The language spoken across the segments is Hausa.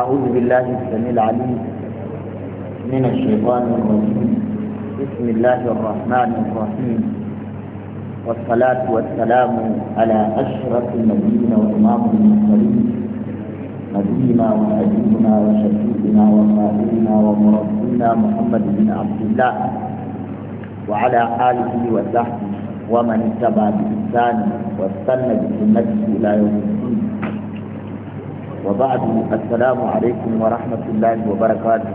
أعوذ بالله السميع العليم من الشيطان الرجيم بسم الله الرحمن الرحيم والصلاة والسلام على أشرف النبيين وإمام المرسلين نبينا وحبيبنا وشفيعنا وقائدنا ومربينا محمد بن عبد الله وعلى آله وصحبه ومن اتبع بإحسان واستنى بسنته إلى يوم الدين وبعد السلام عليكم ورحمة الله وبركاته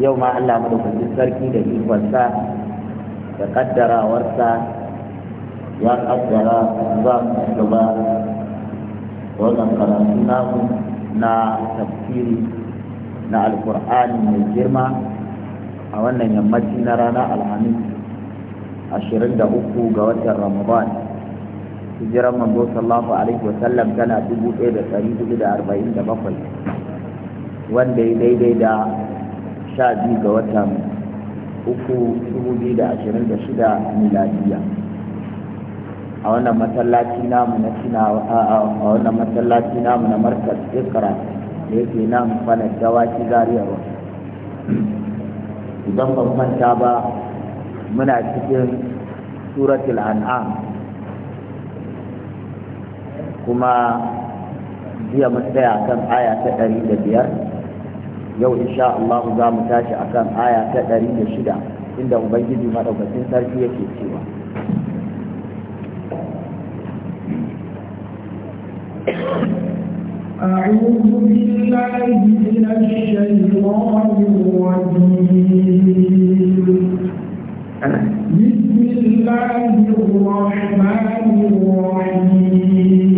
يوم الله ملوك السركي لديه وسا تقدر ورسا يا قدر نظام الشباب ومن قرأناه نا تفسيري نا القرآن من الجرمى أولا يمتنا رانا الحميد 23 ga watan Ramadan hijiran manzo sallallahu alaihi wa sallam tana dubu ɗaya da da arba'in da bakwai wanda ya daidai da sha biyu ga watan uku dubu biyu da ashirin da shida miladiya a wannan masallaci namu na cina a wannan masallaci namu na markas ikra da yake nan kwanar dawaki zariyarwa idan ban manta ba muna cikin suratul an'am kuma jiya mu tsaya kan aya ta ɗari da biyar yau insha Allah za mu tashi akan aya ta ɗari da shida inda ubangiji maɗaukacin sarki yake cewa أعوذ بالله من الشيطان الرجيم بسم الله الرحمن الرحيم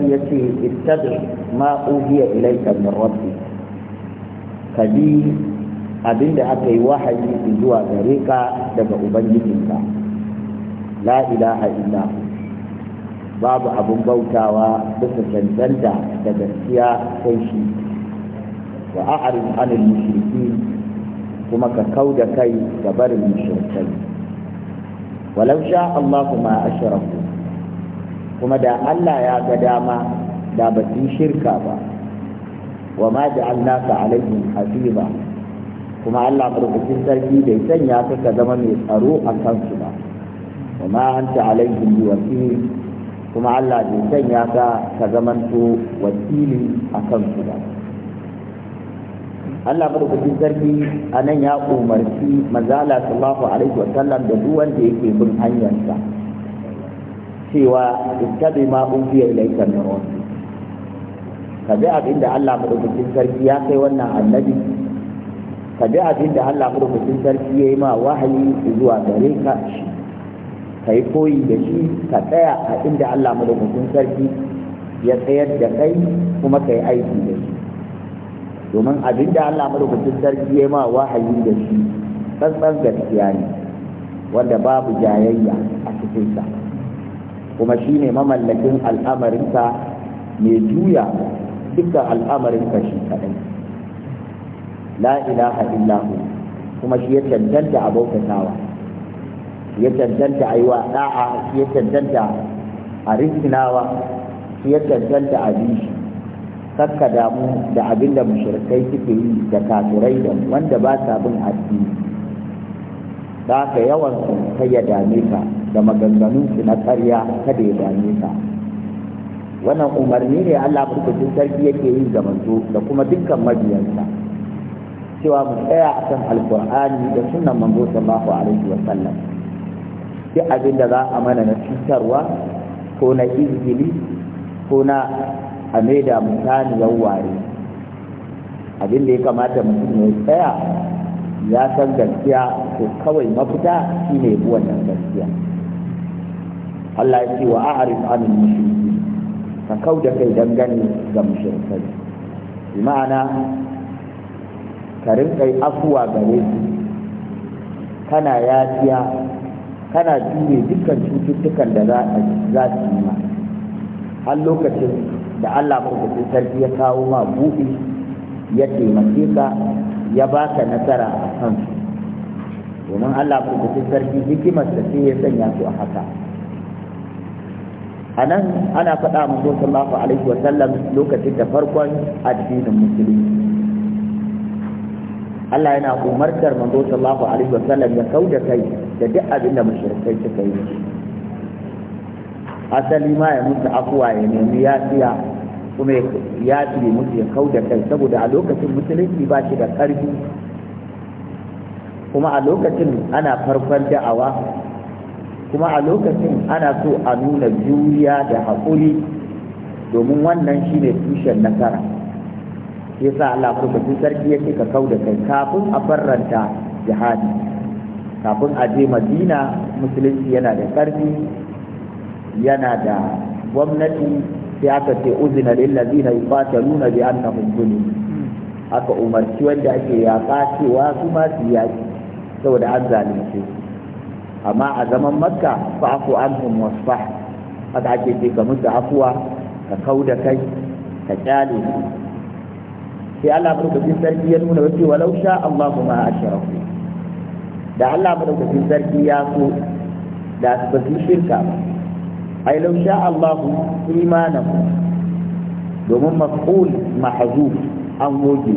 annabi ya ce ittabi ma uhiya ilayka min rabbi ka bi abinda aka yi wahayi zuwa gare ka daga ubangijinka la ilaha illa babu abin bautawa bisa cancanta da gaskiya sai shi wa a'rid anil mushriki kuma ka kauda kai ga barin mushrikai walau sha Allahu ma ashraku kuma da Allah ya ga dama da ba su shirka ba wa ma ja'alnaka alaihim hafiza kuma Allah madaukakin sarki bai sanya ka zama mai tsaro a kansu ba wa ma anta alaihim biwakil kuma Allah bai sanya ka ka wakili a kansu ba Allah madaukakin sarki a nan ya umarci manzala sallallahu alaihi wa sallam da duk wanda yake bin hanyarsa cewa tabi ma ufiya fiye da ita ka bi abin da Allah madaukakin sarki ya kai wannan annabi ka bi abin da Allah madaukakin sarki ya yi ma wahayi zuwa gare ka shi ka yi koyi da shi ka tsaya a inda Allah madaukakin sarki ya tsayar da kai kuma ka yi aiki da shi domin abin da Allah madaukakin sarki ya yi ma wahayi da shi tsantsan gaskiya ne wanda babu jayayya a cikin sa kuma shi ne mamallakin al'amarinsa mai juya dukkan al'amarinsa shi kadai la ilaha illahu kuma shi ya cancanta a bautatawa ya cancanta a yi wa da'a shi ya cancanta a rikinawa shi ya cancanta a bishi kakka damu da abin da mushrikai suke yi da kafirai da wanda ba sa bin addini da ka yawan kai ya dame ka da maganganun shi na karya kada ya dame ka wannan umarni ne Allah madaukakin sarki yake yi ga manzo da kuma dukkan mabiyansa cewa mu tsaya a akan alkur'ani da sunnan manzo sallallahu alaihi wa sallam duk abin da za a mana na cutarwa ko na izgili ko na a maida mutane ware abin da ya kamata mutum ya tsaya ya san gaskiya to kawai mafita shine ne wannan gaskiya Allah ya ce wa a'rif anil mushrikin ka kauda kai dangane ga mushrikai bi ma'ana ka rinka yi afuwa gare su kana yafiya kana jure dukkan cututtukan da za su yi ma har lokacin da Allah madaukakin sarki ya kawo ma buɗi ya taimake ka ya baka nasara a kansu domin Allah da sarki hikimar da sai ya sanya su a haka a nan ana faɗa manzo sallallahu alaihi wa sallam lokacin da farkon addinin musulunci Allah yana umartar manzo sallallahu alaihi wa sallam ya kauda kai da duk abin da mushrikai suka yi asali ma ya mutu akuwa ya nemi yasiya kuma ya fiye mutu ya kauda kai saboda a lokacin musulunci ba shi da ƙarfi kuma a lokacin ana farkon da'awa kuma a lokacin ana so a nuna juriya da haƙuri domin wannan shi ne tushen nasara yasa Allah ko duk sarki yake ka kau da kai kafin a farranta jihadi kafin a je Madina musulunci yana da ƙarfi yana da gwamnati sai aka ce uzina lil ladina nuna bi annahum zulim aka umarci wanda ake yaƙa cewa su ma su yaƙi saboda an zalunce su amma a zaman makka fa'fu anhum wasfah haka ake ce ka musu afuwa ka kau da kai ka kyale su sai Allah madaukakin sarki ya nuna wace walau sha Allahu ma asharaku da Allah madaukakin sarki ya so da ba su shirka ai lau sha Allahu imanahu domin maf'ul mahzuf an goge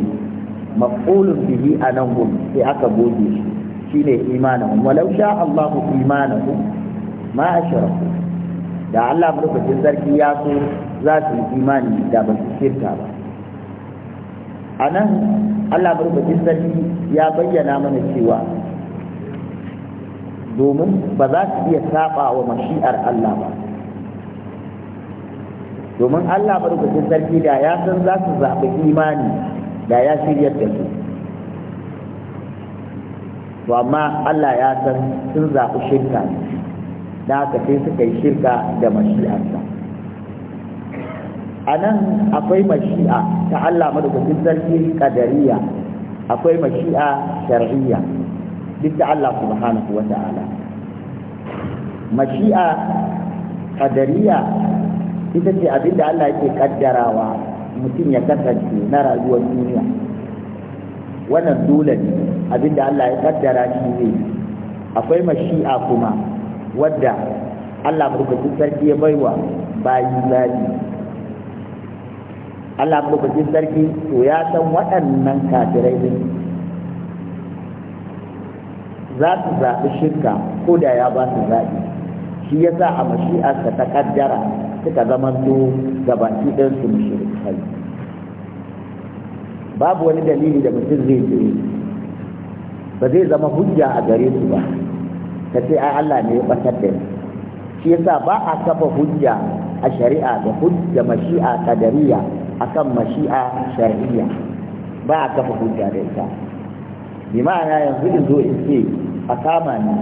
maf'ulun bihi anan gobe sai aka goge shi shine imanahum walau sha Allahu imanahum ma ashraku da Allah madaukakin sarki ya so za su yi imani da ba su shirka ba a nan Allah madaukakin sarki ya bayyana mana cewa domin ba za su iya saba wa mashi'ar Allah ba domin Allah madaukakin sarki da ya san za su zaɓi imani da ya shiryar da su to amma Allah ya san sun zaɓi shirka da haka sai suka yi shirka da mashi'arsa a nan akwai mashi'a ta Allah madaukakin sarki kadariya akwai mashi'a shar'iyya duk da Allah subhanahu wa ta'ala mashi'a kadariya ita ce abinda Allah yake kaddarawa mutum ya kasance na rayuwar duniya wannan dole ne abinda Allah ya kaddara shi ne akwai mashi'a kuma wadda Allah madaukakin sarki ya baiwa bayi zaɓi Allah madaukakin sarki to ya san waɗannan kafirai ne za su zaɓi shirka ko da ya ba su zaɓi shi ya sa a mashi'arsa ta kaddara suka zamanto gabaki ɗinsu mushrikai babu wani dalili da mutum zai jiri ba zai zama hujja a gare su ba ta ce ai Allah ne ya batar da shi yasa ba a kafa hujja a shari'a da hujja mashi'a kadariya akan mashi'a shar'iyya ba a kafa hujja da ita bi ma'ana yanzu in zo in ce a kama ni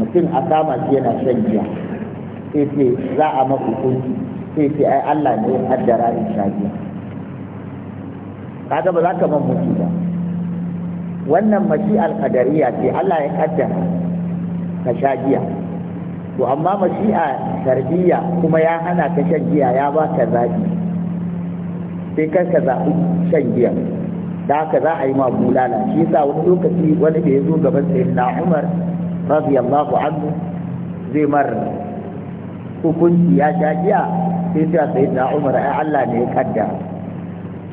mutum a kama shi yana shan giya sai ce za a maku hukunci sai ce ai Allah ne ya haddara in sha giya kaga ba za ka man mutu ba wannan mashi'ar alkadariya ce Allah ya kaddara ka sha giya to amma a tarbiyya kuma ya hana ka shan giya ya ba ka zaɓi sai kar ka zaɓi shan giya da haka za a yi ma bulala shi yasa wani lokaci wani da ya zo gaban na Umar radiyallahu anhu zai mar hukunci ya sha giya sai sai na Umar ai Allah ne ya kaddara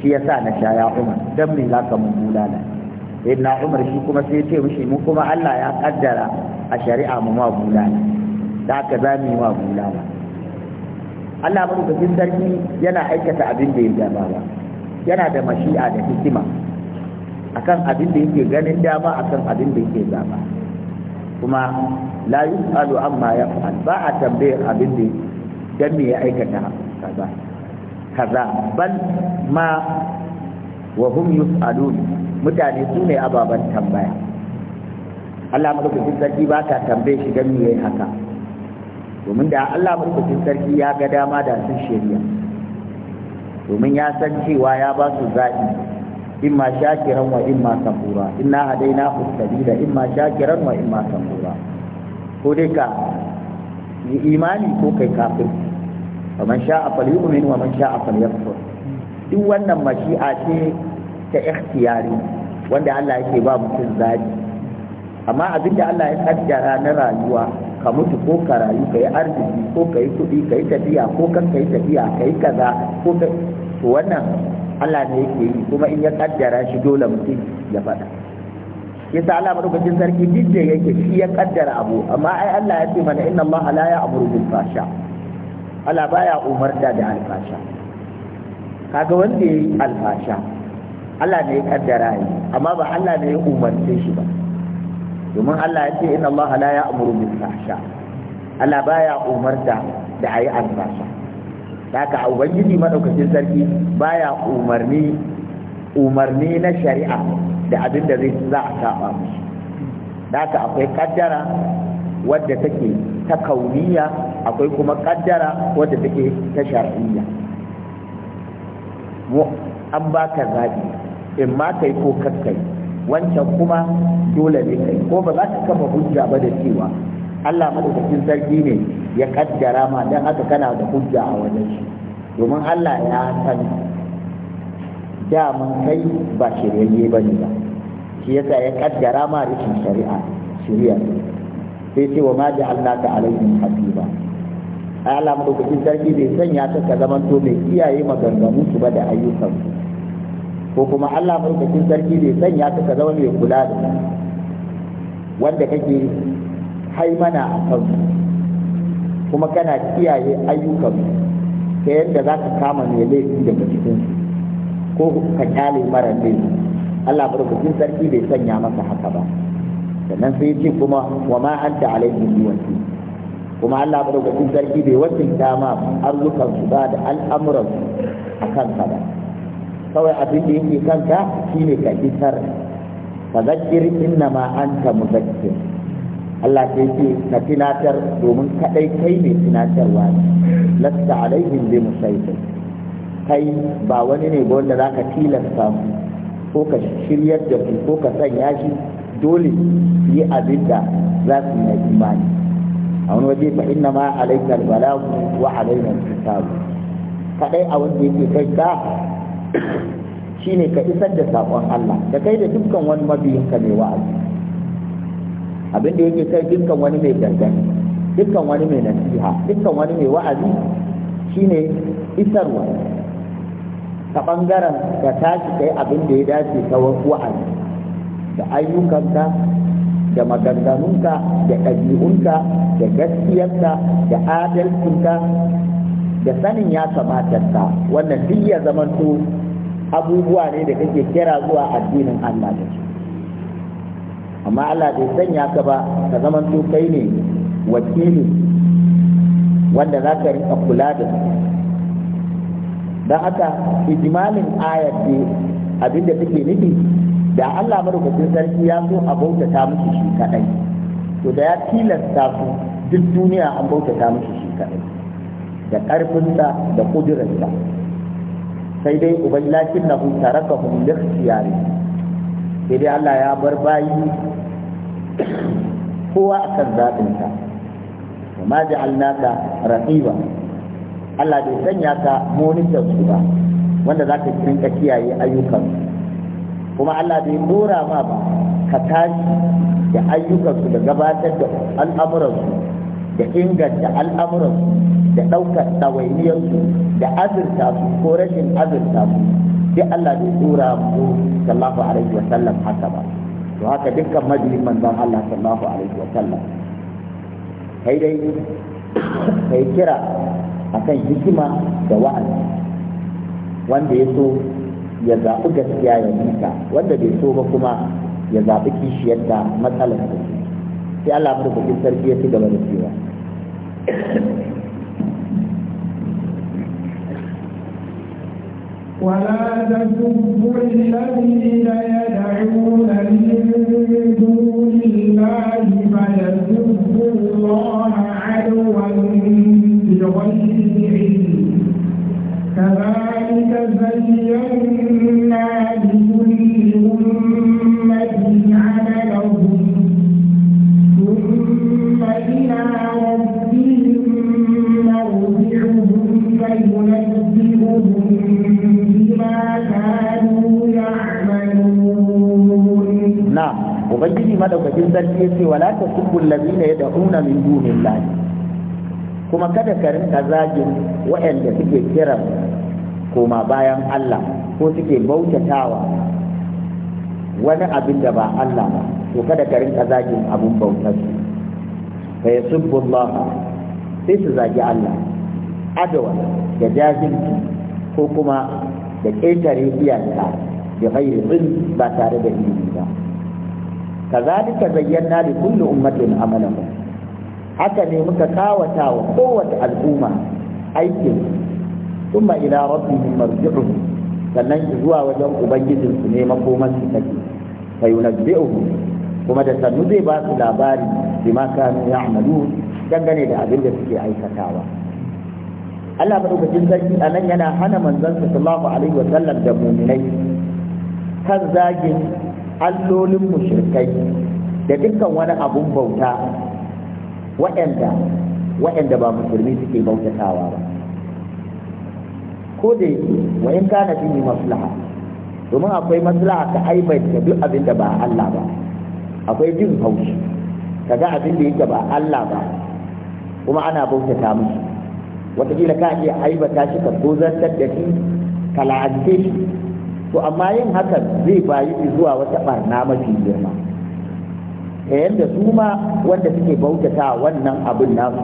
shi ya sa na sha ya umar za me zaka mun bulala inna umar shi kuma sai ce mushi mu kuma Allah ya kaddara a shari'a mu ma bula na da ka za mu yi ma na Allah madaukakin sarki yana aikata abin da ya dama ba yana da mashi'a da hikima akan abin da yake ganin dama akan abin da yake zama. kuma la yus'alu amma yaf'al ba a tambayar abin da dan me ya aikata kaza kaza bal ma wa hum yus'alun mutane su ne ababen tambaya Allah madaukakin sarki ba ta tambaye shi don yayi haka domin da Allah madaukakin sarki ya ga dama da sun shirya domin ya san cewa ya ba su zaɓi imma shakiran wa imma kafura inna hadaina sabila imma shakiran wa imma kafura ko dai ka yi imani ko kai kafirci wa man sha'a falyu'min wa man sha'a duk wannan mashi'a ce ta ikhtiyari wanda Allah yake ba mutum zaɓi amma abin da Allah ya kaddara na rayuwa ka mutu ko ka rayu ka yi arziki ko ka yi kuɗi ka yi tafiya ko kan ka yi tafiya ka yi kaza ko ka to wannan Allah ne yake yi kuma in ya kaddara shi dole mutum ya faɗa yasa Allah madaukakin sarki duk da yake shi ya kaddara abu amma ai Allah ya ce mana inna Allah la ya'muru bil fasha' Allah baya umarta da alfasha kaga wanda yayi alfasha Allah ne ya kaddara yi amma ba Allah ne ya umarce shi ba domin Allah ya ce inna Allah la ya'muru bil fahsha Allah baya umarta da ayi alfasha haka ubangiji madaukakin sarki baya umarni umarni na shari'a da abin da zai za a saba mishi haka akwai kaddara wadda take ta kauniya akwai kuma kaddara wadda take ta shar'iyya mu an baka zabi in ma kai ko kakkai wancan kuma dole ne kai ko ba za ka kafa hujja ba da cewa Allah madaukakin sarki ne ya kaddara ma dan haka kana da hujja a wajen shi domin Allah ya san daman kai ba shiryayye ne ba shi yasa ya kaddara ma rikin shari'a shari'a sai ce wa ma ta alaihim hafiba ai Allah madaukakin sarki bai sanya ta ka zaman to mai kiyaye maganganu su ba da ayyukan ko kuma Allah madaukakin sarki bai sanya ta ka zama mai kula da wanda kake haimana a kansu kuma kana kiyaye ayyukan ta yadda za ka kama mai laifi daga cikin ko ka kyale mara laifi Allah barkatun sarki bai sanya masa haka ba sannan sai ce kuma wa ma an anta alaihim biwaki kuma Allah ba madaukakin sarki bai wakilta ma arzukan su ba da al'amuran a kanka ba kawai abin da yake kanka shine ka isar fa zakkir inna ma anta muzakkir Allah sai ce ka tunatar domin kadai kai ne tunatarwa lasta alaihim bi musaitir kai ba wani ne ba wanda zaka tilasta ko ka shiryar da ku ko ka sanya shi dole su yi abin da za su yi na imani a wani waje fa inna ma alaikal balagu wa alaina kitabu kadai a wanda yake kai ka shine ka isar da sakon Allah da kai da dukkan wani mabiyinka mai wa'azi abin da yake kai dukkan wani mai dangane dukkan wani mai nasiha dukkan wani mai wa'azi shine isarwa ta bangaren ka tashi kai abin da ya dace ta wa'azi da ayyukanka da maganganunka da ɗabi'unka da gaskiyarka da adalcinka da sanin ya kamata ka wannan duk ya zamanto abubuwa ne da kake kira zuwa addinin Allah da shi amma Allah bai sanya ka ba ka zamanto kai ne wakili wanda za ka rika kula da su don haka ijimalin ayat abinda take nufi da Allah madaukakin sarki ya so a bautata musu shi kadai to da ya tilasta su duk duniya an bautata musu shi kadai da karfinsa da kudirinsa sai dai ubai lakin na hun taraka hun likhtiyari sai dai Allah ya bar bayi kowa akan zaɓinsa ma ja'alnaka raqiba Allah bai sanya ka monitor su ba wanda zaka ka kiyaye ayyukansu kuma Allah bai dora ma ba ka tashi da ayyukansu da gabatar da al'amuransu da inganta al'amuransu da ɗaukar ɗawainiyarsu da azurta su ko rashin azurta su sai Allah bai dora mu sallallahu alaihi wa sallam haka ba to haka dukkan majalin manzon Allah sallallahu alaihi wa sallam kai dai kai kira akan hikima da wa'azi wanda ya so ya zaɓi gaskiya ya nisa wanda bai so ba kuma ya zaɓi kishiyar da matsalar da sai Allah mu rubuta sarki ya ci gaba da cewa ولا تسبوا الذين يدعون من دون الله فيسبوا الله عدوا بغير علم كذلك زينا لكل أمة عملهم ثم إلى ربهم مرجعهم فينبئهم بما كانوا يعملون نعم وبجد مدى وبجد ذلك ولا تسبوا الذين يدعون من دون الله kuma kada ka rinka zagin waɗanda suke kiran koma bayan Allah ko suke bautatawa wani abin da ba Allah ba to kada ka rinka zagin abin bautar su fa yasubbu Allah sai su zagi Allah adawa da jahilci ko kuma da ƙetare iyaka da ghairi din ba tare da ilimi ba kazalika zayyana li kulli ummatin amalahum haka ne muka kawata wa kowace al'umma aikin thumma ila rabbihim marji'uhum sannan zuwa wajen ubangijin su ne makoman su take fa yunabbi'uhum kuma da sannu zai ba su labari bima kanu ya'malu dangane da abin da suke aikatawa Allah madaukakin sarki a nan yana hana manzon sallallahu alaihi wa sallam da mu'minai kan zagin allolin mushrikai da dukkan wani abun bauta waɗanda waɗanda ba musulmi suke bautatawa ba ko da yake wa in kana fihi maslaha domin akwai maslaha ka aibaita duk abin da ba Allah ba akwai jin haushi kaga abin da yake ba Allah ba kuma ana bautata musu wataƙila ka iya aibata shi ka tozartar da shi ka shi to amma yin hakan zai bayi zuwa wata barna mafi girma yadda su ma wanda suke bautata wannan abin nasu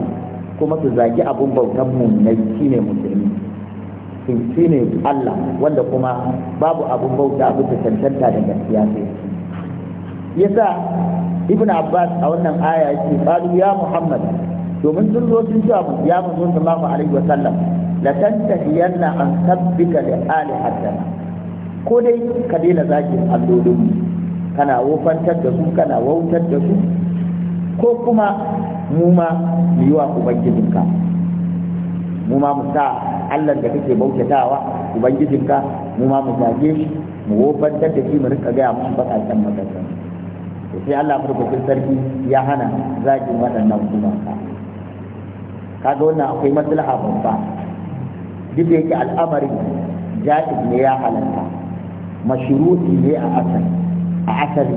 kuma su zagi abin bautan shi shine musulmi shi ne Allah wanda kuma babu abin bauta abin da cancanta da gaskiya sai yasa ibn abbas a wannan aya yake qalu ya muhammad domin sun zo sun ce ya manzo sallallahu alaihi wasallam la tantahiyanna an sabbika li hadana ko dai ka daina zaki mu. kana wofantar da su kana wautar da su ko kuma mu ma mu yi wa ubangijinka mu ma mu sa Allah da kake bautatawa ubangijinka mu ma mu zage shi mu wofantar da shi mu rika gaya musu bakakken magana to sai Allah farkokin sarki ya hana zagin waɗannan gumaka kaga wannan akwai maslaha babba duk da yake al'amarin jaiz ne ya halatta mashruti ne a asali a asali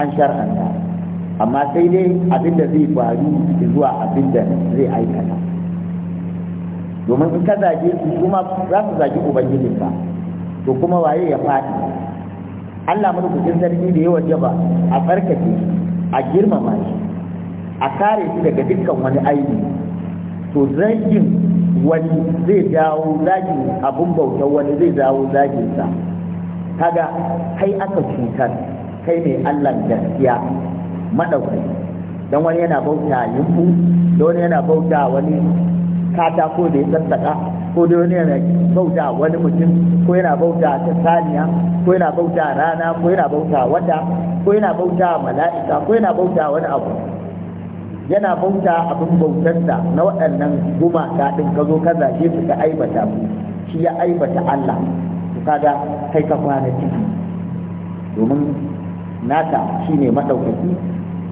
an sharhanta amma sai dai abinda zai faru zuwa abin zai aikata domin in ka zage su kuma za su ubangijin ba, to kuma waye ya faɗi Allah mulkucin sarki da yawa jaba a tsarkake a girmama shi a kare shi daga dukkan wani aini to zagin wani zai dawo zagin abun bautar wani zai dawo zaginsa kaga kai aka cutar kai ne Allah gaskiya madaukai don wani yana bauta yumbu da wani yana bauta wani katako da ya sassaƙa ko da wani yana bauta wani mutum ko yana bauta ta saniya ko yana bauta rana ko yana bauta wata ko yana bauta mala'ika ko yana bauta wani abu yana bauta abin bautarsa na waɗannan gumaka ɗin ka zo ka zage su ka aibata mu shi ya aibata Allah kaga kai ka kwana ciki domin nata shine madaukaki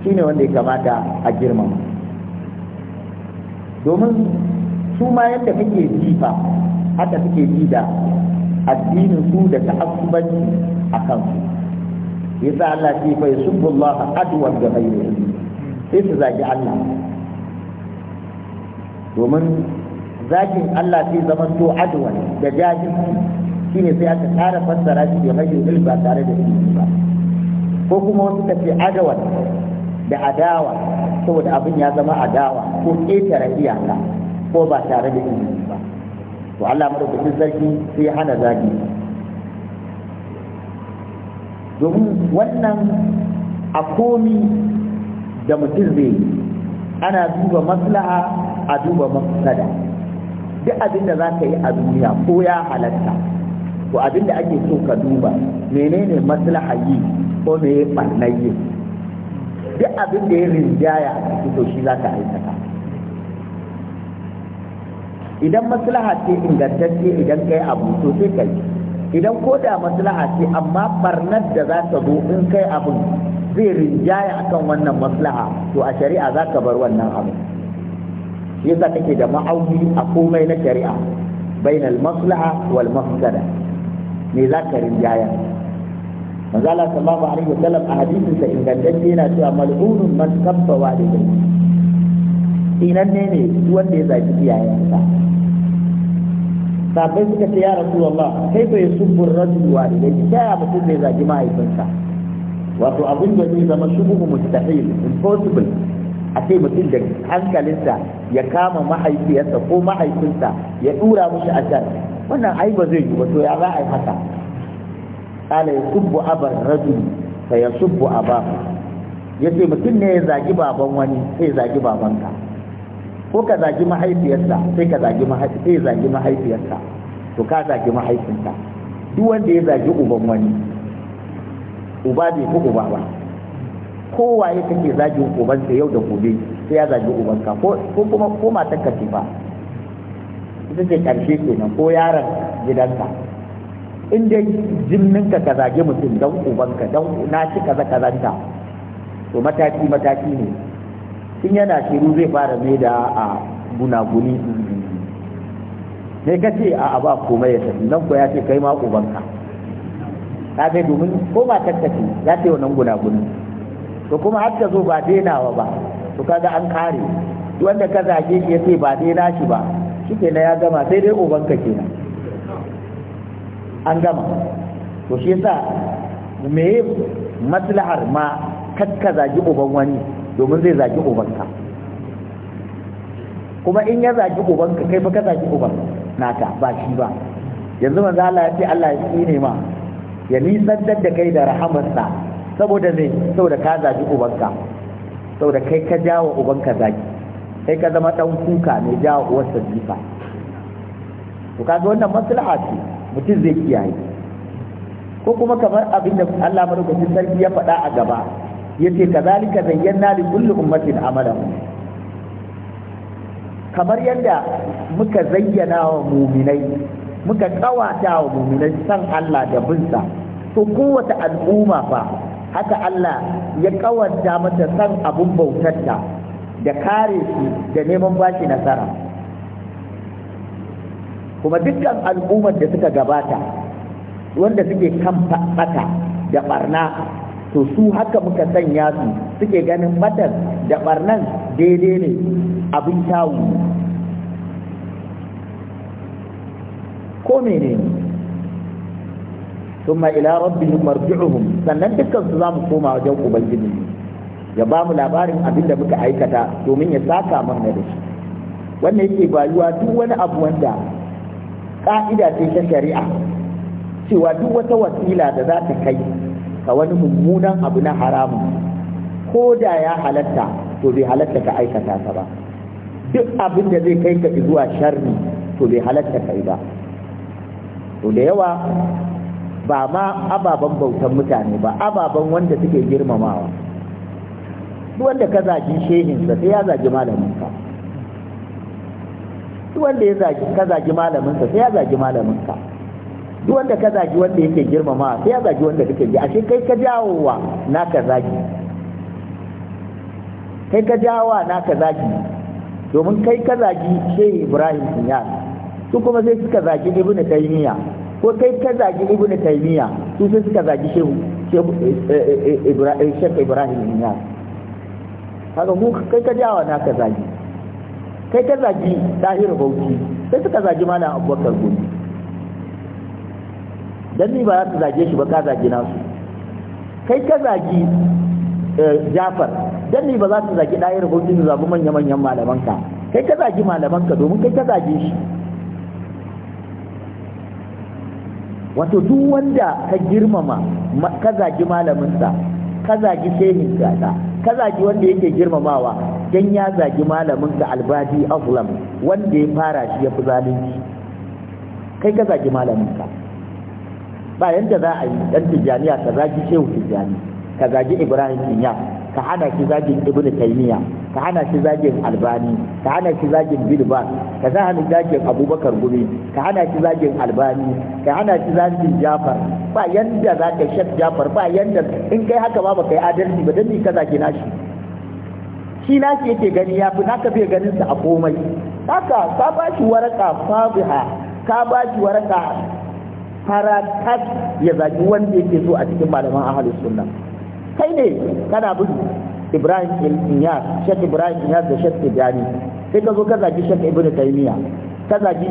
shine wanda ya kamata a girmama domin su ma yadda kake jifa haka suke ji da addinin su da ta'assubanci a kansu yasa Allah ce fa yusubbullah adwan da ghayrihi sai su zagi Allah domin zakin Allah sai zama to adwan da jahilci shine sai aka tsara fassara shi da ghayrihi ba tare da shi ba ko kuma wasu ka adawa da adawa saboda abin ya zama adawa ko ƙetare iyaka ko ba tare da izini ba to Allah madaukakin zargi sai hana zagi domin wannan a komi da mutum zai ana duba maslaha a duba mafsada duk abin da za ka yi a duniya ko ya halatta to abin da ake so ka duba menene maslaha yi ko me ya ɓannaye duk abin da ya rinjaya a to shi za ka aikata idan maslaha ce ingantacce idan kai abu to sai kai idan ko da maslaha ce amma barnar da za ta zo in kai abin zai rinjaya akan wannan maslaha to a shari'a za ka bar wannan abu yasa kake da ma'auni a komai na shari'a bainal maslaha wal mafsada me za ka rinjaya manzo Allah sallallahu alaihi wasallam a hadisin sa ingantacce yana cewa mal'unun man kabba walidin tsinanne ne duk wanda ya zaki iyayensa sabai suka ce ya rasulullah kai bai subbur rajul walidai ta ya mutum zai zagi mahaifinsa wato abin da zai zama shubuhu mustahil impossible a ce mutum da hankalinsa ya kama mahaifiyarsa ko mahaifinsa ya dura mushi can. wannan ai zai yi ba to ya za a yi haka kala yasubbu abar rajul fa yasubbu Ya yace mutum ne ya zagi baban wani sai ya zagi babanka ko ka zagi mahaifiyarsa sai ka zagi sai zagi mahaifiyarsa to ka zagi mahaifinka duk wanda ya zagi uban wani uba bai fi uba ba kowaye kake zagi ubansa yau da gobe sai ya zagi ubanka ko kuma ko matarka ce ba ita ce karshe kenan ko yaron gidanka in dai jinninka ka zage mutum dan ubanka dan na ci kaza kazanta to mataki mataki ne tun yana shiru zai fara mai da a gunaguni ne ka ce a ba komai ya tafi nan ko ya ce kai ma ubanka ka kai domin ko ba tattace ya ce wannan gunaguni to kuma har ta zo ba denawa ba to kaga an kare wanda ka zage shi ya ce ba dena shi ba shi na ya gama sai dai ubanka kenan an gama to shi yasa me maslahar ma kakka zagi uban wani domin zai zagi ubanka kuma in ya zagi ubanka kai ka zagi uban naka ba shi ba yanzu manzo Allah ya ce Allah ya tsine ma ya nisantar da kai da rahamarsa saboda me saboda ka zagi ubanka saboda kai ka jawo ubanka zagi kai ka zama dan kuka mai jawo uwarsa jifa to kaga wannan maslaha ce mutum zai kiyaye ko kuma kamar abin da Allah madaukakin sarki ya faɗa a gaba yace kazalika zayyana li kulli ummatin amalan kamar yadda muka zayyana wa muminai muka kawata wa muminai san Allah da sa, to kowace al'umma fa haka Allah ya kawata mata san abun bautarta da kare shi da neman bashi nasara kuma dukkan al'ummar da suka gabata wanda suke kan bata da barna to su haka muka sanya su suke ganin batar da barnan daidai ne abin kyawu ko mene ثم إلى ربهم مرجعهم sannan dukkan su zamu koma wajen ubangiji ya ba mu labarin abin da muka aikata domin ya saka mana da shi wannan yake bayuwa duk wani abu wanda ƙa'ida ce ta shari'a cewa duk wata wasila da za ta kai ka wani mummunan abu na haramun ko da ya halatta to bai halatta ka aikata ta ba duk abin da zai kai ka zuwa sharri to bai halatta ka yi ba to da yawa ba ma ababen bautan mutane ba ababen wanda suke girmamawa duk wanda ka zagi shehinsa sai ya zagi malaminka duk wanda ya zagi ka zagi malamin sa sai ya zagi malamin ka duk wanda ka zagi wanda yake girmama sai ya zagi wanda kake ji ashe kai ka jawowa naka zagi kai ka jawowa naka zagi domin kai ka zagi shehu ibrahim sinyar su kuma sai suka zagi ibn taymiya ko kai ka zagi ibn taymiya su sai suka zagi shehu shehu eh, eh, eh, ibrahim sinyar kaga mu kai ka jawowa naka zagi kai ta zagi ɗahiru bauchi sai suka zagi malam abubakar gumi dan ni ba za su zage shi ba ka zage nasu kai ka zagi eh, jafar dan ni ba za su zagi ɗahiru bauchi su zabi manya-manyan malamanka kai ka zagi malamanka domin kai ka zage shi wato duk wanda ka girmama ka zagi malaminsa ka zagi shehin gada ka zagi wanda yake girmamawa dan ya zagi malamin ka albadi azlam wanda ya fara shi ya fi zalunci kai ka zagi malamin ka ba yanda za a yi dan tijaniya ka zagi shehu tijani ka zagi ibrahim tinya ka hana shi zagin ibnu taymiya ka hana shi zagin albani ka hana shi zagin bilba ka hana shi zagin abubakar gumi ka hana shi zagin albani ka hana shi zagin jafar ba yanda za ka shek jafar ba yanda in kai haka ba ba kai adalci ba dan ni ka zagi nashi shi naki yake gani ya fi naka bai ganin sa a komai haka ka ba shi waraka fabiha ka ba shi waraka faratas ya zaki wanda yake so a cikin malaman ahalus sunna kai ne kana bin Ibrahim Ilyas shek Ibrahim Ilyas da shek Tijani sai ka zo ka zaki shek Ibn Taymiyyah ka zagi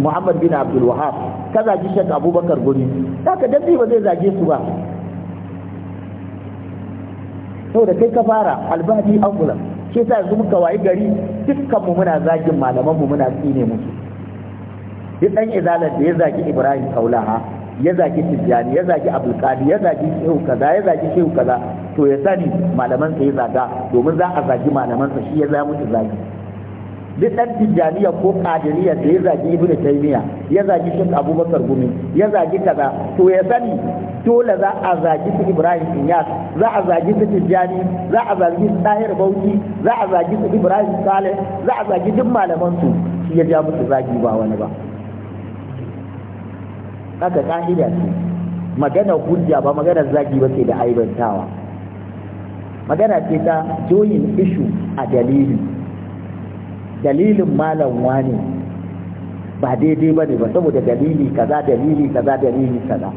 Muhammad bin Abdul Wahab ka zagi shek Abubakar Guri haka dan ba zai zage su ba da kai ka fara albadi angula shi yasa yanzu muka wayi gari dukkan mu muna zagin malaman mu muna tsine musu duk dan izalar da ya zagi Ibrahim Kaulaha ya zagi Tijjani ya zagi Abdul ya zagi Shehu kaza ya zagi Shehu kaza to ya sani malaman sa ya zaga domin za a zagi malaman sa shi ya zama mutu zagi duk ɗan tijjaniya ko ƙadiriya da ya zagi ibn taymiya ya zagi shi abubakar gumi ya zagi kaza to ya sani dole za a zagi su ibrahim inyas za a zagi su tijjani za a zagi su tahir bauchi za a zagi su ibrahim saleh za a zagi duk malaman su shi ya ja musu zagi ba wani ba haka ƙa'ida ce magana hujja ba magana zagi ba ke da aibantawa magana ce ta joyin ishu a dalili dalilin malam wani ba daidai ba ne ba saboda dalili kaza dalili kaza dalili kaza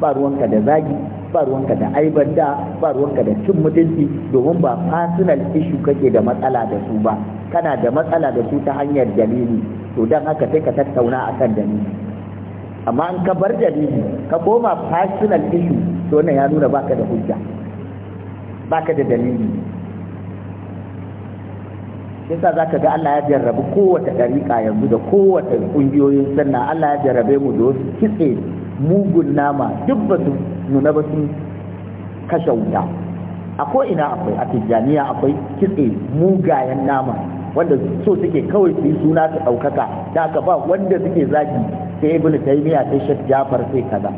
ba ruwanka da zagi ba ruwanka da aibar da ba ruwanka da cin mutunci domin ba personal issue kake da matsala da su ba kana da matsala da su ta hanyar dalili to don haka sai ka tattauna akan dalili amma an ka bar dalili ka koma personal issue to wannan ya nuna baka da hujja baka da dalili yasa za ka ga Allah ya jarrabi kowace ɗariƙa yanzu da kowace ƙungiyoyin sannan Allah ya jarrabe mu da wasu kitse mugun nama duk ba su nuna ba sun kashe wuta a ko ina akwai a tijjaniya akwai kitse mugayen nama wanda so suke kawai su yi suna su ɗaukaka da aka ba wanda suke zagi sai ibnu taymiya sai shek jafar sai kaza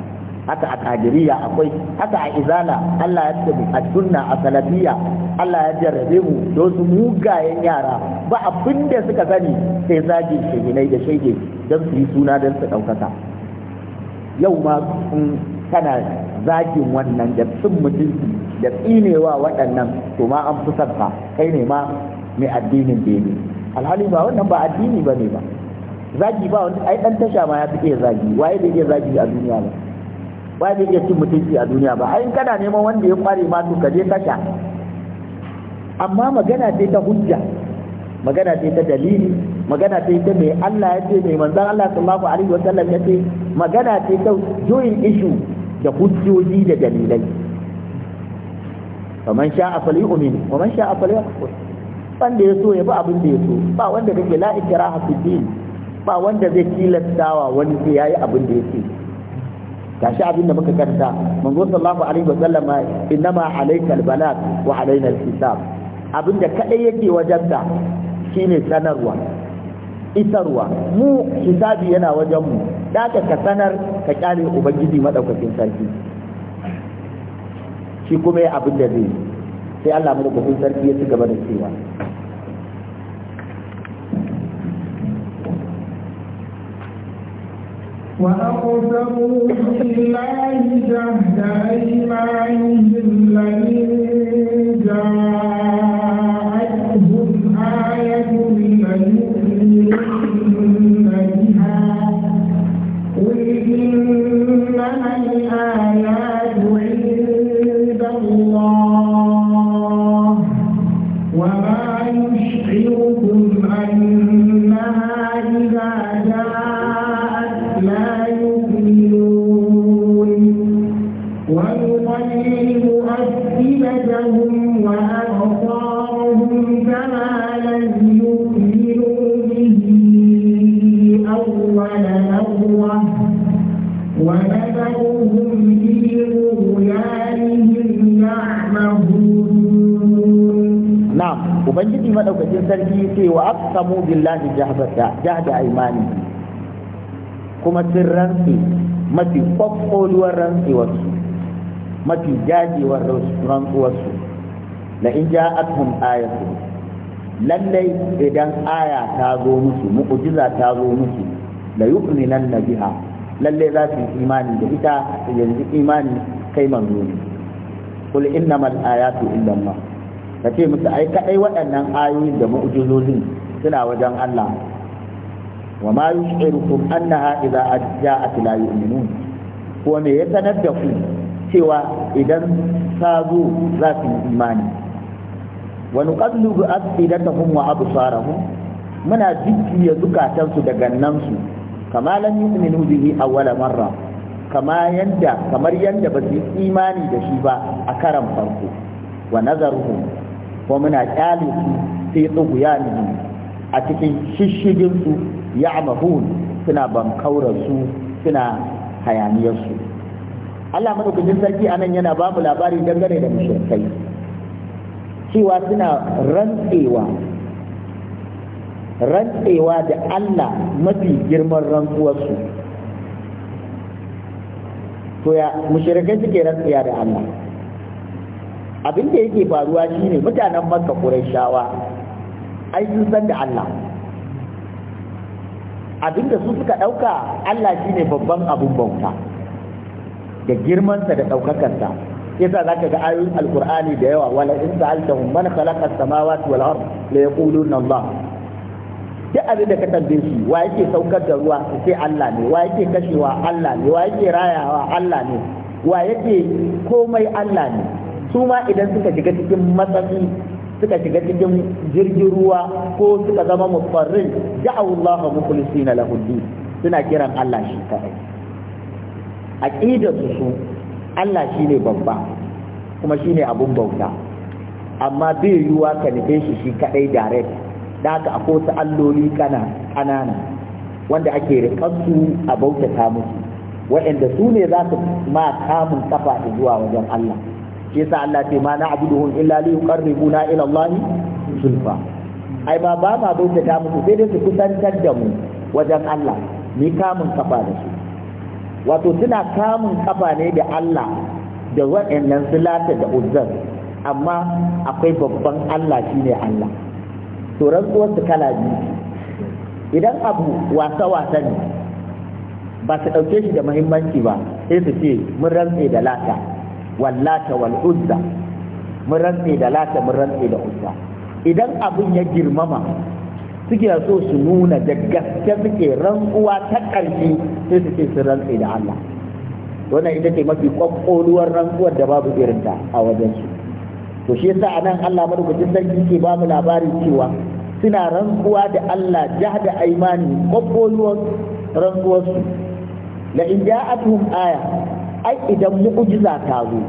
haka a kadiriya akwai haka a izala Allah ya ce a sunna a salafiya Allah ya jarrabe mu da wasu mugayen yara ba abin da suka sani sai zagi shehinai da shege don su yi suna don su ɗaukaka yau ma sun kana zagin wannan da sun mutunci da tsinewa waɗannan to ma an fi sanka kai ne ma mai addinin bene alhali ba wannan ba addini ba ne ba zagi ba wani ai dan tasha ma ya fi iya zagi waye da iya zagi a duniya ba ba zai iya cin mutunci a duniya ba ai kana neman wanda ya kware ma to ka je tasha amma magana ce ta hujja magana ce ta dalili magana ce ta mai Allah ya ce mai manzon Allah sallallahu alaihi wasallam ya ce magana ce ta joyin issue da hujjoji da dalilai faman sha'a falyu'min wa man sha'a falyakfur wanda ya so ya bi abin da ya so ba wanda kake la ikraha fi din ba wanda zai tilastawa wani sai yayi abin da yake gashi abin da muka karanta manzo sallallahu alaihi wa sallama innama alayka albalag wa alaina alhisab abin da kadai yake wajenta shine sanarwa isarwa mu hisabi yana wajen mu daga ka sanar ka kyale ubangiji madaukakin sarki shi kuma ya abin da zai sai Allah madaukakin sarki ya ci gaba da cewa وأقسموا بالله جهد أيمانهم لئن جاء ubangiji maɗaukakin sarki sai wa aksamu billahi jahdata jahda imani kuma sun rantse mafi kwakkoluwar rantsewarsu mafi jajewar rantsewarsu na in ja akhun ayatu lallai idan aya ta zo musu mu'jiza ta zo musu la yu'minanna biha lalle za su yi imani da ita yanzu imani kai manzo ne kul innamal ayatu illallah kace musu ai kadai waɗannan ayoyin da mu'jizozin suna wajen Allah wa ma yushirukum annaha idza ja'at la yu'minun ko me ya sanar da ku cewa idan ta za su yi imani wa nuqallibu afidatahum wa absarahum muna jikkiya zukatansu da su. kama lam yu'minu bihi awwala marra kama yanda kamar yanda ba su imani da shi ba a karan farko wa nazaruhu wa muna kyale fi sai a cikin shishigin su ya'mahun suna kaura su suna hayaniyar su Allah madaukakin sarki anan yana babu labari dangane da mushrikai cewa suna rantsewa rantsewa da Allah mafi girman rantsuwarsu to ya mushirikai suke rantsewa da Allah abin da yake faruwa shine mutanen makka qurayshawa ai sun san da Allah abin da su suka dauka Allah shine babban abun bauta da girmansa da sa yasa zaka ga ayoyin alqur'ani da yawa wala in sa'altahum man khalaqa as-samawati wal ard la yaquluna Allah duk abin da ka tambaye shi wa yake saukar da ruwa sai Allah ne wa yake kashewa Allah ne wa yake rayawa Allah ne wa yake komai Allah ne su ma idan suka shiga cikin matsayi suka shiga cikin jirgin ruwa ko suka zama mufarrin da'awu Allah mukhlisina lahu suna kiran Allah shi kadai aqidar su Allah shine babba kuma shine abun bauta amma bai yiwuwa ka nufe shi shi kadai direct da aka akwai wasu alloli kana ƙanana wanda ake rikansu a bautata musu waɗanda su ne za su ma kamun kafa da zuwa wajen Allah shi yasa Allah ce ma na'buduhum illa li yuqarribuna ila Allah sulfa ai ba ba ma bautata musu sai dai su kusantar da mu wajen Allah ni kamun kafa da su wato suna kamun kafa ne da Allah da waɗannan sulata da uzzar amma akwai babban Allah shine Allah to rantsuwar su kala biyu idan abu wasa wasa ne ba su ɗauke shi da muhimmanci ba sai su ce mun rantse da lata wallata wal uzza mun rantse da lata mun rantse da uzza idan abin ya girmama suke so su nuna da gaske suke rantsuwa ta ƙarshe sai su ce sun rantse da Allah wannan ita ce mafi kwakkoluwar rantsuwar da babu irinta a wajen su to shi yasa anan Allah madaukakin sarki ke babu labarin cewa suna rantsuwa da Allah jahda aimani kwakwalwar rantsuwarsu la in ja'atuhum aya ai idan mu'jiza ta zo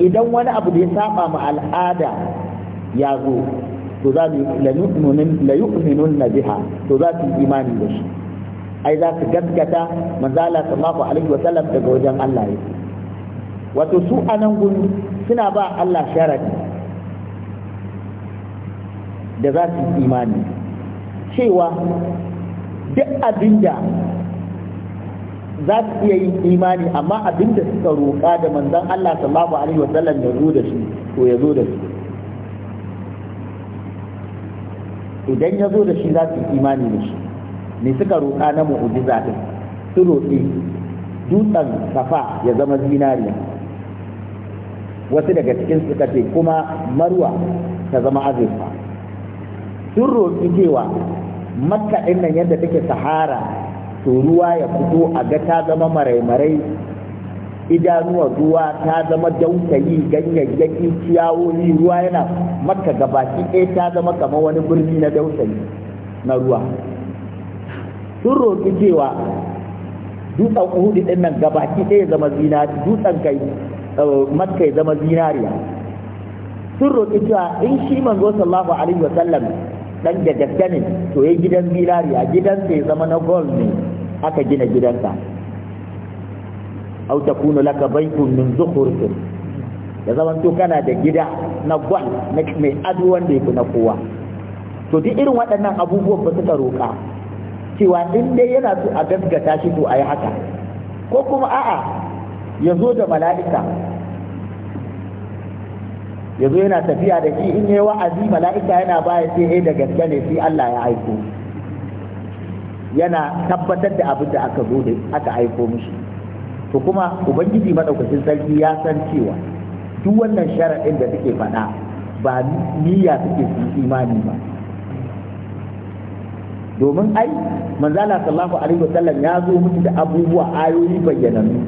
idan wani abu da ya saba ma al'ada ya zo to za mu la yu'minun biha to za su imani da shi ai za su gaskata manzala sallallahu alaihi wa sallam daga wajen Allah yake wato su anan gun suna ba Allah sharadi da za su imani cewa duk abinda za su iya yin imani amma abinda suka roƙa da manzan Allah sallallahu alaihi wa sallam ya zo da shi to ya zo da shi idan ya zo da shi za su imani da shi me suka roƙa na mu'ujiza din su roƙi dutsen safa ya zama zinariya wasu daga cikin suka ce kuma marwa ta zama azurfa sun roƙi cewa makka ɗin nan yadda take sahara to ruwa ya fito a ga ta zama maraimarai idanuwa ruwa ta zama dausayi ganyayyaki ciyawoyi ruwa yana makka gabaki ɗaya ta zama kamar wani birni na dausayi na ruwa sun roƙi cewa dutsen uhudu ɗin nan gabaki ɗaya zama zinari dutsen kai eh, makka zama zinariya sun roƙi cewa in shi manzo sallallahu alaihi wa sallam dan da gaske to ya gidan milari a gidansa ya zama na gold ne aka gina gidansa au takunu laka baitun min zukhurin ya zama to kana da gida na gold na mai ado wanda yake na kowa to duk irin waɗannan abubuwan ba suka roƙa cewa in dai yana so a gaskata shi to ayi haka ko kuma a'a ya zo da mala'ika ya zo yana tafiya da shi in yi wa'azi mala'ika yana baya sai ya da gaske ne sai Allah ya aiko yana tabbatar da abin da aka zo da aka aiko mishi to kuma ubangiji maɗaukacin sarki ya san cewa duk wannan sharaɗin da suke faɗa ba niyya suke su imani ba domin ai manzala sallallahu alaihi wasallam ya zo mutu da abubuwa ayoyi bayyanannu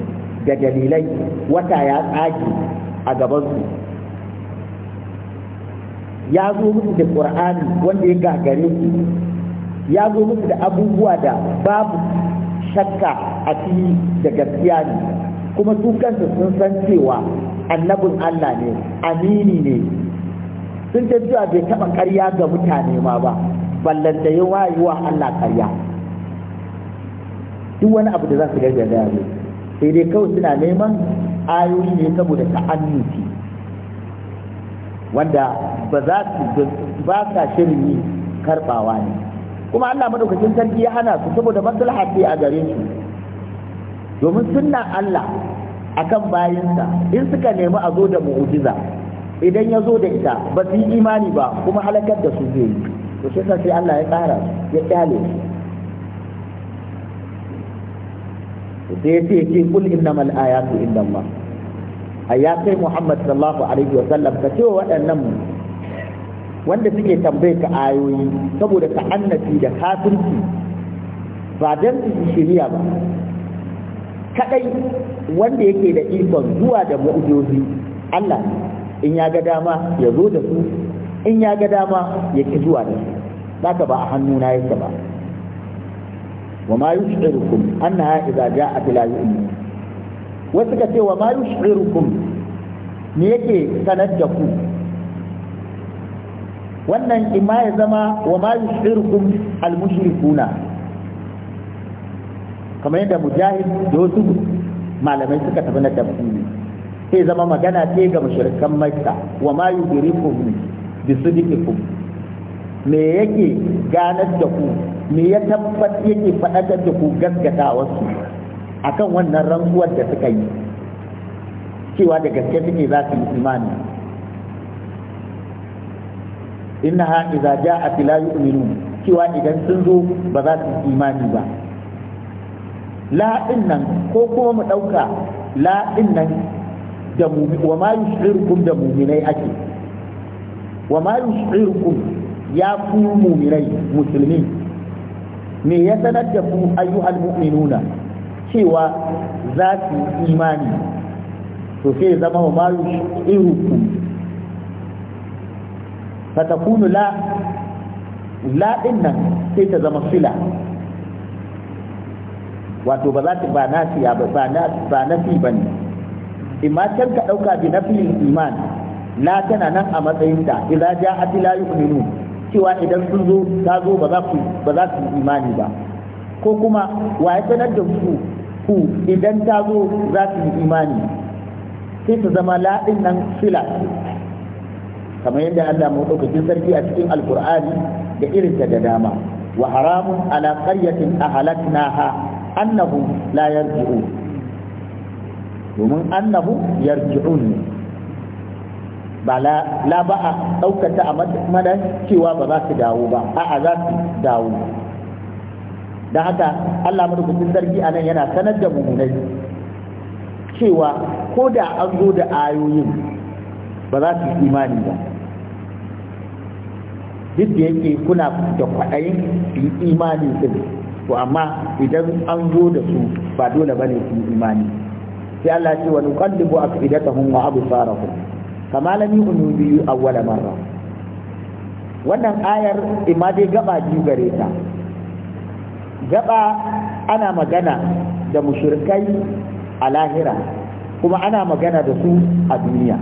da dalilai wata ya tsage a gabansu ya zo musu da ƙur'ani wanda ya gagare su ya zo musu da abubuwa da babu shakka a fili da gaskiya ne kuma su kansu sun san cewa annabin Allah ne amini ne sun ta cewa bai taɓa karya ga mutane ma ba ballan da yawa yi wa Allah karya duk wani abu da za su ya zo sai dai kawai suna neman ayoyi ne saboda ta'annuci wanda ba za su ba sa shirin yi karbawa ne kuma Allah madaukakin sarki ya hana su saboda maslaha ce a gare su domin sunna Allah akan bayinsa in suka nemi a zo da mu'ujiza idan ya zo da ita ba su yi imani ba kuma halakar da su zai yi to shi sai Allah ya tsara ya kyale su sai ya ce kul innamal ayatu indallah a ya kai muhammad sallallahu alaihi wa sallam ka cewa waɗannan wanda suke tambaye ka ayoyi saboda ta'annaci da kafirci ba dan su shirya ba Kaɗai wanda yake da ikon zuwa da mu'ujoji Allah in ya ga dama ya zo da su in ya ga dama ya ki zuwa da su zaka ba a hannuna yake ba wa ma yushirukum annaha idza ja'at la yu'minu wasu ka ce wa ma yushirukum me yake sanar da ku wannan imma ya zama wa ma yushirukum almushrikuna kamar yadda mujahid da wasu malamai suka tafi na tafsiri sai zama magana ce ga mushrikan makka wa ma yudrikum bi sidiqikum me yake ganar da ku me ya tabbat yake faɗakar da ku gaskata wasu akan wannan rantsuwar da suka yi cewa da gaske suke za su yi imani ha idza ja'at la yu'minu cewa idan sun zo ba za su yi imani ba la nan ko kuma mu dauka la nan da mu'min wa ma yushirukum da mu'minai ake wa ma yushirukum ya ku mu'minai musulmi me ya sanar da ku ayyuhal mu'minuna cewa za su yi imani to sai zama wa mayu iruku fatakunu la la din nan sai ta zama fila wato ba za ta ba nasiya ba ba na ba ne. bane imma can ka dauka bi nafi iman la tana nan a matsayin ta ja a ja'at la yu'minu cewa idan sun zo ta zo ba za ku ba za imani ba ko kuma wa ya sanar da su ku idan ta zo za yi imani sai ta zama laɗin nan fila kamar yadda Allah maɗaukakin sarki a cikin alkur'ani da irinta da dama wa haramun ala qaryatin ahlaknaha annahu la yarji'un domin annahu yarji'un ne ba la ba a ɗaukata a madan cewa ba za su dawo ba a'a za su dawo da haka Allah madaukakin sarki anan yana sanar da mummunai cewa ko da an zo da ayoyin ba za su yi imani ba duk da yake kuna da kwaɗayin su yi imani din to amma idan an zo da su ba dole ba ne su yi imani sai Allah ce wani wa nuqallibu afidatahum wa absarahum kama lam biyu a awwala marra wannan ayar imma dai gaba ji gare ta gaba ana magana da mushrikai a lahira kuma ana magana da su a duniya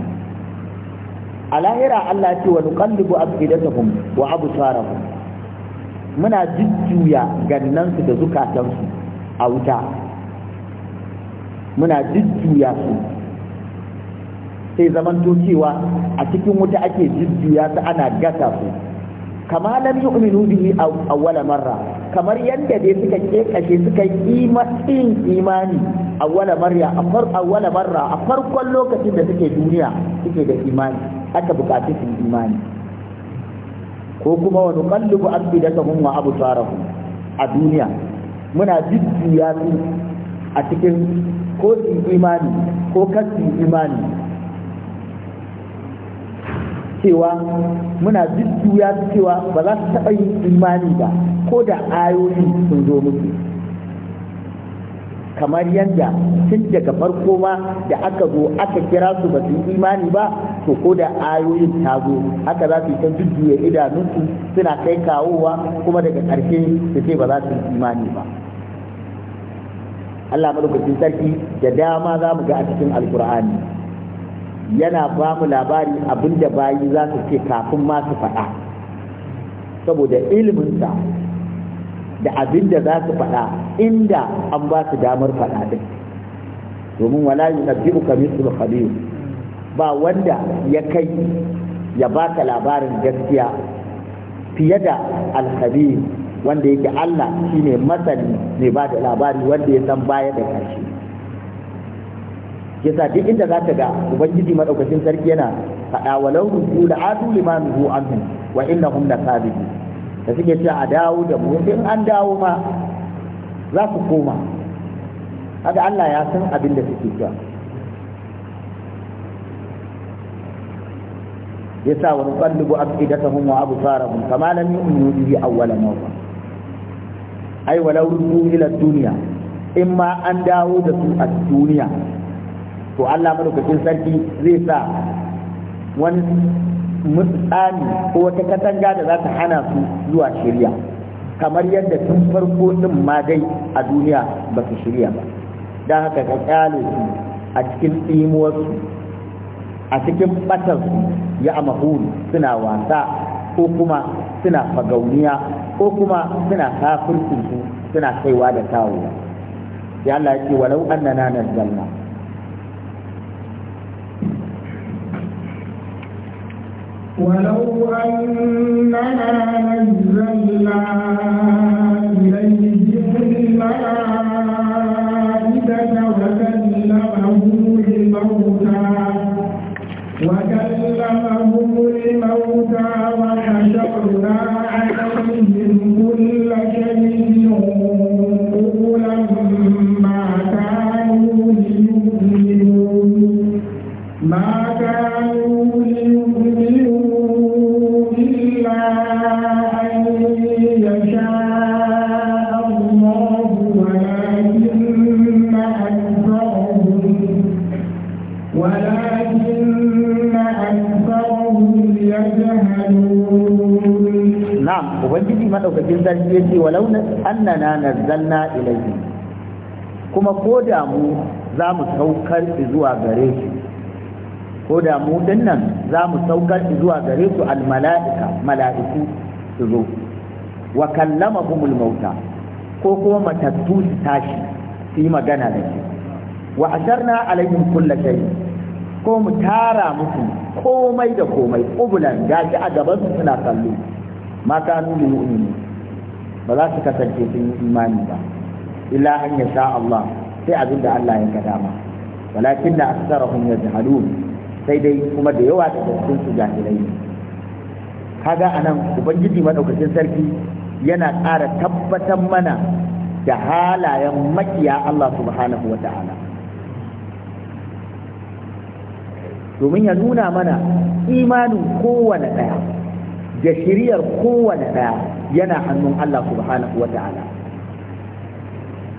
a lahira Allah ce wa nuqallibu afidatuhum wa absarahum muna jujjuya gannansu da zukatansu a wuta muna jujjuya su sai to cewa a cikin wuta ake jujjuya su ana gasa su kama lam yu'minu bihi awwala marra kamar yadda dai suka kekashe suka yi imani a wala marya a awwala marra a farkon lokacin da suke duniya suke da imani aka bukaci su imani ko kuma wani wa da samun wa absarahum a duniya muna jujjuya su a cikin ko su imani ko kasu imani cewa muna jujjuya su cewa ba za su taɓa yin imani ba ko da ayoyi sun zo musu kamar yadda tun daga farko ma da aka zo aka kira su ba su yi imani ba to ko da ayoyin ta zo haka za su yi ta jujjuya idanunsu suna kai kawowa kuma daga ƙarshe su ce ba za su yi imani ba Allah madaukakin sarki da dama za mu ga a cikin alkur'ani yana ba mu labari da bayi za su ce kafin ma su faɗa saboda iliminsa da abin da za su faɗa inda an ba su damar faɗa din domin wala yi nabi'u kamisul khabir ba wanda ya kai ya ba baka labarin gaskiya fiye da alkhabir wanda yake Allah shine masani ne ba da labari wanda ya san baya da ƙarshe yasa duk inda zaka ga ubangiji madaukakin sarki yana faɗa walau rusul adu limanuhu anhum wa innahum lakadibu da suke cewa a dawo da mu in an dawo ma za ku koma haka Allah ya san abin da suke cewa yasa wa nuqallibu afidatahum wa absarahum kama lam yu'minu bihi awwala marra ai walau rusul ila dunya in ma an dawo da su a duniya to Allah madaukakin sarki zai sa wani mutsani ko wata katanga da za ta hana su zuwa shirya kamar yadda tun farko din ma dai a duniya ba su shirya ba don haka ka kyale su a cikin tsimuwarsu a cikin batarsu ya amahulu suna wasa ko kuma suna fagauniya ko kuma suna kafircinsu suna kaiwa da tawo ya Allah ya ce walau annana nazzalna ولو أننا نزلنا إليهم الملائكة وكلمهم الموتى وكلمهم الموتى وحشرنا عليهم كل na'am ubangiji maɗaukakin نعم وبنجي ما دوكين annana na ولو أننا kuma ko da mu za mu saukar zuwa gare shi ko da mu dinnan za mu saukar zuwa gare su al-mala’ika, mala'iku su zo wa kallama humul mauta ko kuma matattu su tashi su yi magana da shi wa asharna alaihim kulla ko mu tara musu komai da komai ubulan gashi a gaban su suna kallo ma kanu mu'mini ba za su kasance sun yi imani ba illa an ya sha Allah sai abin da Allah ya gada ma walakin da aksarahum yajhalun sai dai kuma da yawa daga cikin su jahilai kaga anan ubangiji madaukakin sarki yana ƙara tabbatar mana da halayen makiya Allah subhanahu wa ta'ala domin ya nuna mana imanin kowane ɗaya da shiriyar kowane ɗaya yana hannun Allah subhanahu wa ta'ala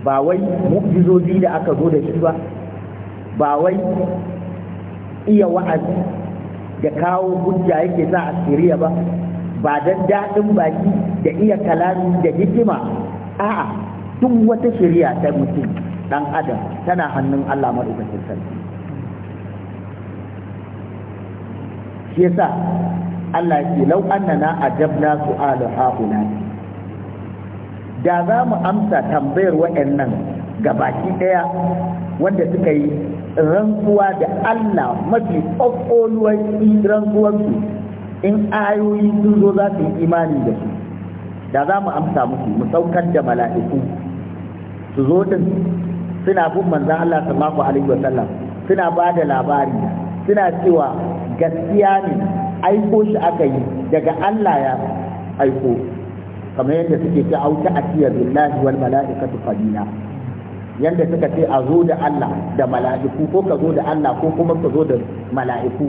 ba wai mu'jizoji da aka zo da shi ba ba wai iya wa'azi da kawo hujja yake za a shirya ba ba don daɗin baki da iya kalami da hikima a'a duk wata shirya ta mutum ɗan adam tana hannun Allah maɗaukakin sarki shi yasa Allah ya lau annana ajabna su'alu haula da za mu amsa tambayar waɗannan gabaki ɗaya wanda suka yi rantsuwa da Allah mafi ƙwaƙƙoluwar rantsuwarsu in ayoyi sun zo za su yi imani da su da za mu amsa musu mu saukar da mala'iku su zo din suna bin manzan Allah sallallahu alaihi wasallam suna ba da labari suna cewa gaskiya ne aiko shi aka yi daga Allah ya aiko kamar yadda suke a auta atiya billahi wal mala'ikatu qadina yadda suka ce a zo da Allah da mala'iku ko ka zo da Allah ko kuma ka zo da mala'iku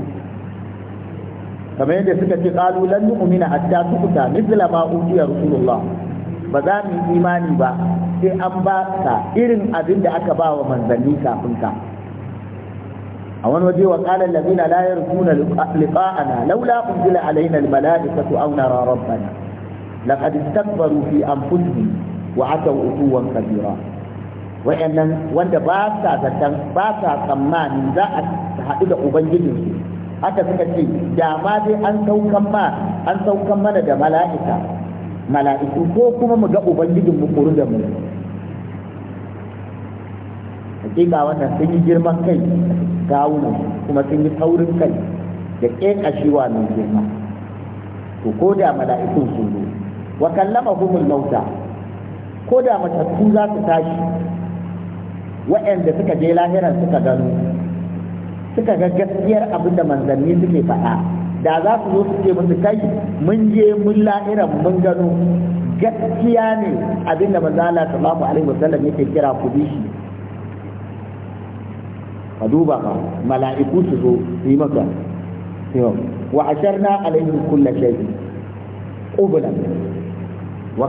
kamar yadda suka ce qalu lan nu'mina hatta tukuta mithla ma utiya rasulullah ba za mu imani ba sai an ba ka irin abin da aka ba wa manzanni kafin ka a wani waje wa qala allazina layar yarjuna liqa'ana laula unzila alaina almala'ikatu aw nara rabbana laqad istakbaru fi anfusihim wa ataw utuwan kabira wayannan wanda ba sa zaton ba sa tsammanin za a haɗu da ubangijinsu haka suka ce dama dai an saukan ma an saukan mana da mala'ika mala'iku ko kuma mu ga ubangijin mu kuru da mu ga wata sun yi girman kai gawunan kuma sun yi taurin kai da wa mai girma to ko da mala'ikun sun zo wa kallama humul mauta ko da matattu za su tashi waɗanda suka je lahiran suka gano suka ga gaskiyar abin da manzanni suke faɗa da za su zo su ce musu kai mun je mun lahiran mun gano gaskiya ne abin da manzo sallallahu alaihi wasallam yake kira ku bi shi ka duba ka, mala'iku su zo su yi maka wa asharna alaihi kullu shay qublan wa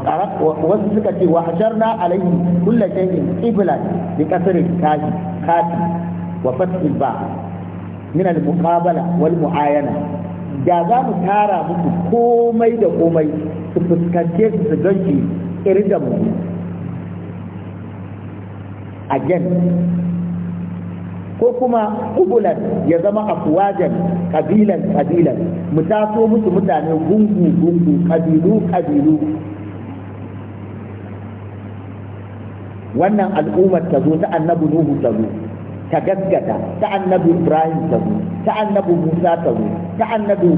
wasu suka ce wa na alaihi kullu shay qiblan bi kasri kafi kafi wa fathil ba min al muqabala wal muayana da za mu tara muku komai da komai su fuskance su ganki irin da mu again ko kuma ubulan ya zama afwajan kabilan kabilan mu taso musu mutane gungu gungu kabilu kabilu wannan al'ummar ta zo ta annabi nuhu ta zo ta gaskata ta annabi ibrahim ta zo ta annabi musa ta zo ta annabi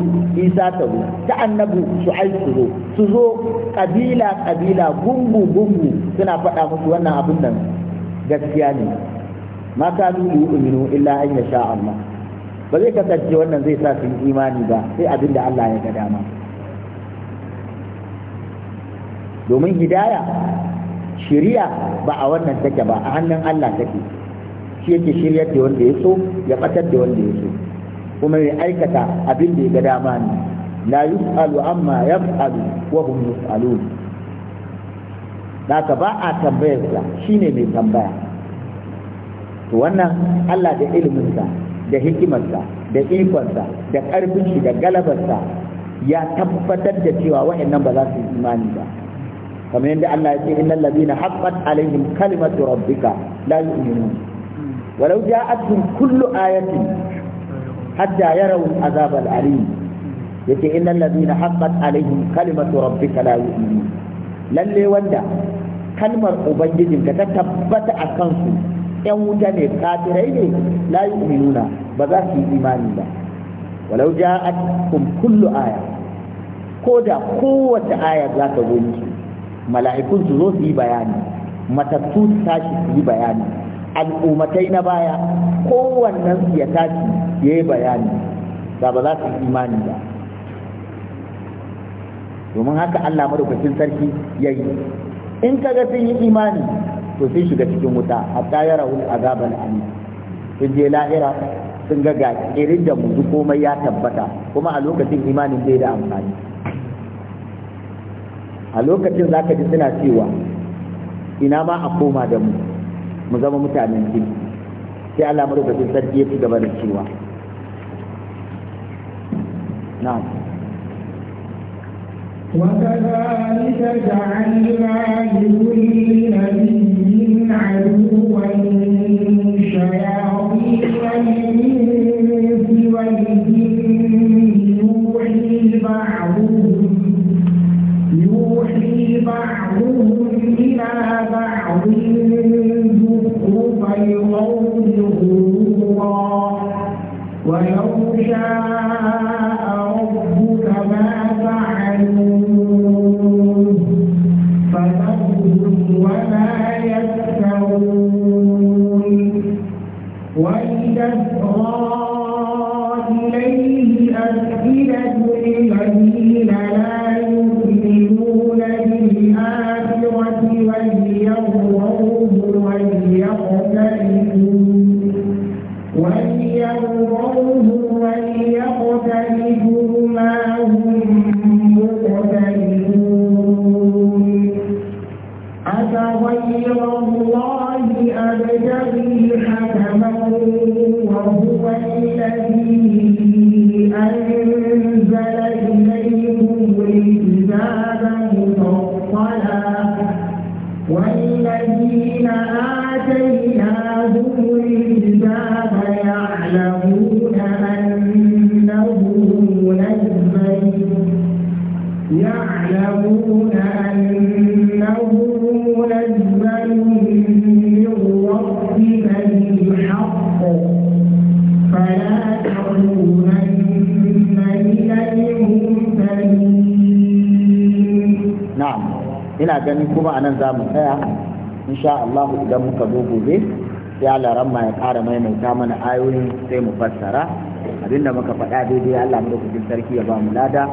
isa ta zo ta annabi shu'aib su zo su zo kabila kabila gungu gungu suna faɗa musu wannan abin nan gaskiya ne ma kanu yi illa an sha Allah ba zai kasance wannan zai sa su yi imani ba sai abin da Allah ya ga dama domin hidaya shiriya ba a wannan take ba a hannun Allah take shi yake shiryar da wanda ya so ya batar da wanda ya so kuma ya aikata abin da ya ga dama ne la yus'alu amma yaf'alu wa hum yus'alun ka ba a tambayarsa ne mai tambaya to wannan Allah da ilminsa, da hikimarsa da ikonsa da ƙarfin shi da galabarsa ya tabbatar da cewa wa'annan ba za su yi imani ba kamar yadda Allah ya ce innal ladina haqqat alaihim kalimatu rabbika la yu'minun walau ja'atuhum kullu ayatin hatta yarawu azab al-alim yace innal ladina haqqat alaihim kalimatu rabbika la yu'minun lalle wanda kalmar ubangijinka ta tabbata a kansu ɗan wuta ne kafirai ne la yu'minuna ba za su yi imani ba walau cikin kullu aya ko da kowace aya za ta zo miki mala'ikun su zo su yi bayani matattu su tashi su yi bayani al'ummatai na baya kowannen su ya tashi ya yi bayani Ba ba za su yi imani ba domin haka Allah madaukakin sarki ya yi in kaga sun yi imani to sai shiga cikin wuta hatta ya rahu azaban amin sun je lahira sun ga irin da mutu komai ya tabbata kuma a lokacin imanin bai da amfani a lokacin za ka ji suna cewa ina ma a koma da mu mu zama mutanen kirki sai Allah madaukakin sarki ya ci gaba da cewa na'am وكذلك جعلنا لكل نبي عدوا شياطين الانس والجن يوحي بعضهم يوحي بعضهم الى بعض زخرف القول غرورا ولو شاء ربك ما kuma anan za mu tsaya insha Allah idan muka zo gobe ya laramma ya ƙara maimaita mana ayoyin sai mu fassara abinda muka faɗa daidai Allah madaukakin sarki ya ba mu lada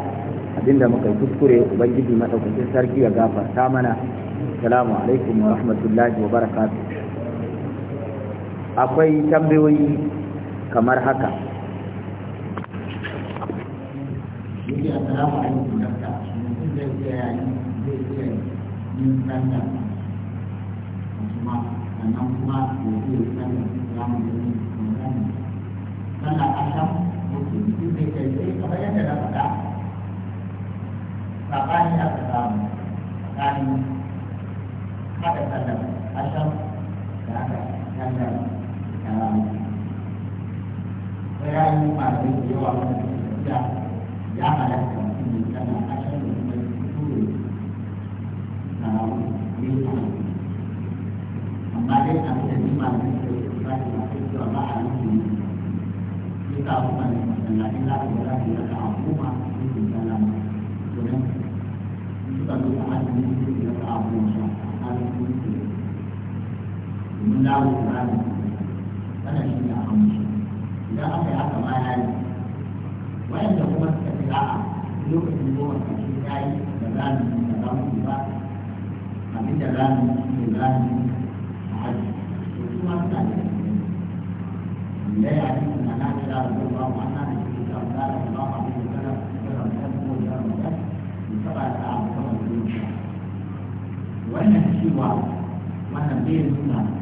abinda muka kuskure ubangiji madaukakin sarki ya gafarta mana assalamu alaikum wa rahmatullahi wa barakatuh akwai tambayoyi kamar haka Assalamu alaikum cikin sallar kuma sannan kuma da ke sallar ya mu gani kamar sallar asham mutum mutum bai kai sai kamar yadda na faɗa saɓani aka samu tsakanin haka sallar asham da haka sallar tarawih bayanin malamai da yawa wanda suke tafiya ya halatta mutum ya sallar asham da بعدين أقول لهم بعد ذلك بعد ما عليهم يتعرفون أن لا إله إلا الله يتعرفون في الكلام ولم يقبلوا أحد منهم يتعرفون هذا ممكن من دعوة القرآن أنا شيء أهم شيء إذا أتى حتى ما يعرف وإن لو مسك سلعة يوقف من جوه الكشف الثاني كلام من كلام الباقي abin da za mu yi za mu yi a hajji to su ma suna da da ya yi suna na da za mu ba mu ana da shi ka ba da ba mu abin da kada da ba mu ko da mu da mu saba da abu da mu yi wannan cewa wannan bai nuna